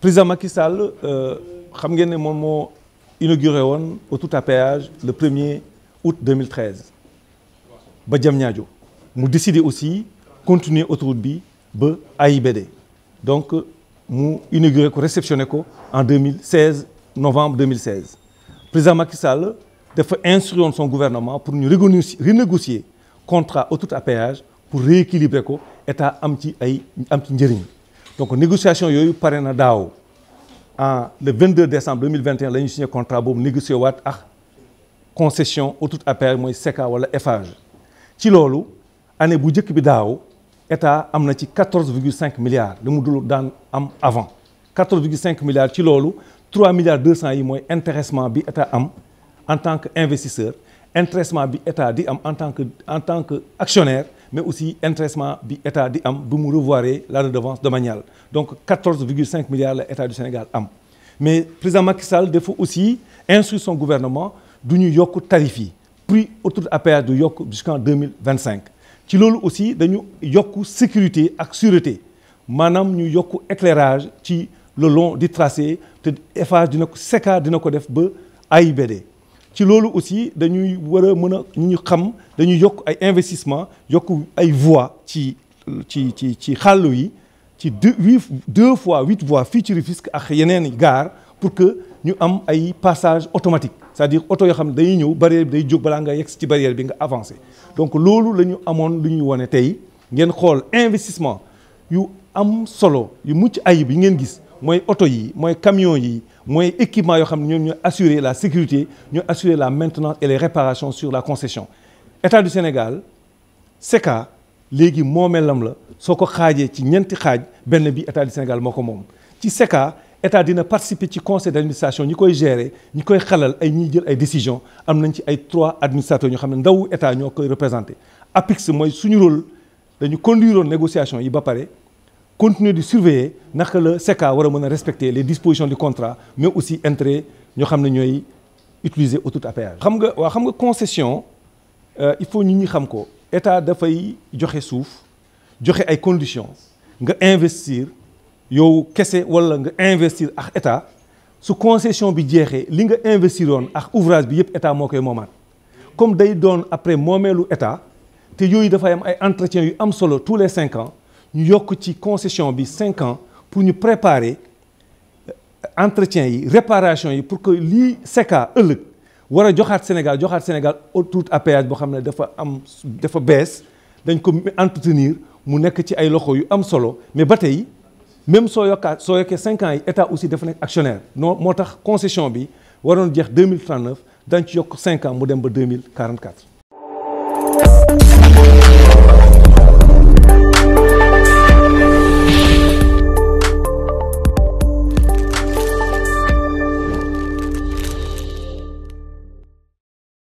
président Macky Sall euh, xam inauguré à péage le 1er août 2013 Il a décidé aussi de continuer autoroute bi de donc nous inauguré ko réceptionné en 2016 novembre 2016 président Macky Sall fait instruire son gouvernement pour renégocier renégocier contrat tout à péage pour rééquilibrer l'État état am ci donc négociation négociations eu lieu le 22 décembre 2021 l'année signé contrat pour négocier une concession au tout appel, cest SECA wala Eiffage ci loolu année bu njëkk bi 14,5 milliards de mu dans am avant 14,5 milliards ci 3,2 3 milliards 200 intéressement am en tant que investisseur intéressement bi am en tant que en tant que actionnaire mais aussi intéressement bi état di am revoir la redevance manial donc 14,5 milliards l'État du Sénégal am mais président Macky Sall faut aussi instruire son gouvernement de New York puis autour de de à de du Yoko jusqu'en 2025 ci loolu aussi dañu yoko sécurité ak sûreté nous ñu yoko éclairage le long du tracé de FH de ko SECA AIBD ci loolu aussi dañuy war a mën a ñu xam dañuy yokk ay investissement yokk ay voix ci ci ci ci xàllu yi ci deux huit deux fois huit voies fii ci Rufisque ak yeneen i gaar pour que ñu am ay passage automatique c'est-à-dire oto yoo xam ne dañuy ñëw barrière bi day jóg balaa nga yegg ci barrière bi nga avancé donc loolu la ñu amoon lu ñuy wane tey ngeen xool investissement yu am solo yu mucc ayib yi ngeen gis moy auto yi moy camion yi moy équipement yo ñoom assurer la sécurité ñu assurer la maintenance et les réparations sur la concession état du Sénégal seka légui momelam la soko xajé ci ñenti xaj benn bi état du Sénégal moko mom ci seka état dina participer ci conseil d'administration, administration ñi koy gérer ñi koy xalal ay ñi jël ay décision am nañ ci ay trois administrateurs ñu xam ndaw état ñoo représenté APIX moy suñu rôle dañu conduire négociation yi ba paré continuer de surveiller naka la SECA war respecter les dispositions du contrat mais aussi entrer, ñoo xam ne utiliser au autoroute à péage. xam nga waa xam nga concession euh, il faut ñi ñi xam ko état dafay joxe suuf joxe ay conditions nga investir yow kese walla nga investir ak état su concession bi jeexee li nga investiroon ak ouvrage bi yëpp état moo koy moomaat comme day donne après moomeelu état te yooyu dafay am ay entretiens yu am solo tous les cinq ans nous avons une concession de 5 ans pour nous préparer euh, entretien la réparation pour que ce qui est wara joxat Sénégal joxat Sénégal autour à péage bo xamné dafa am dafa baisse dañ ko entretenir mu nek ci ay loxo yu am solo mais batay même so yokka so yoké 5 ans état aussi dafa nek actionnaire non motax concession bi waron jeex 2039 dañ ci yok 5 ans mu dem 2044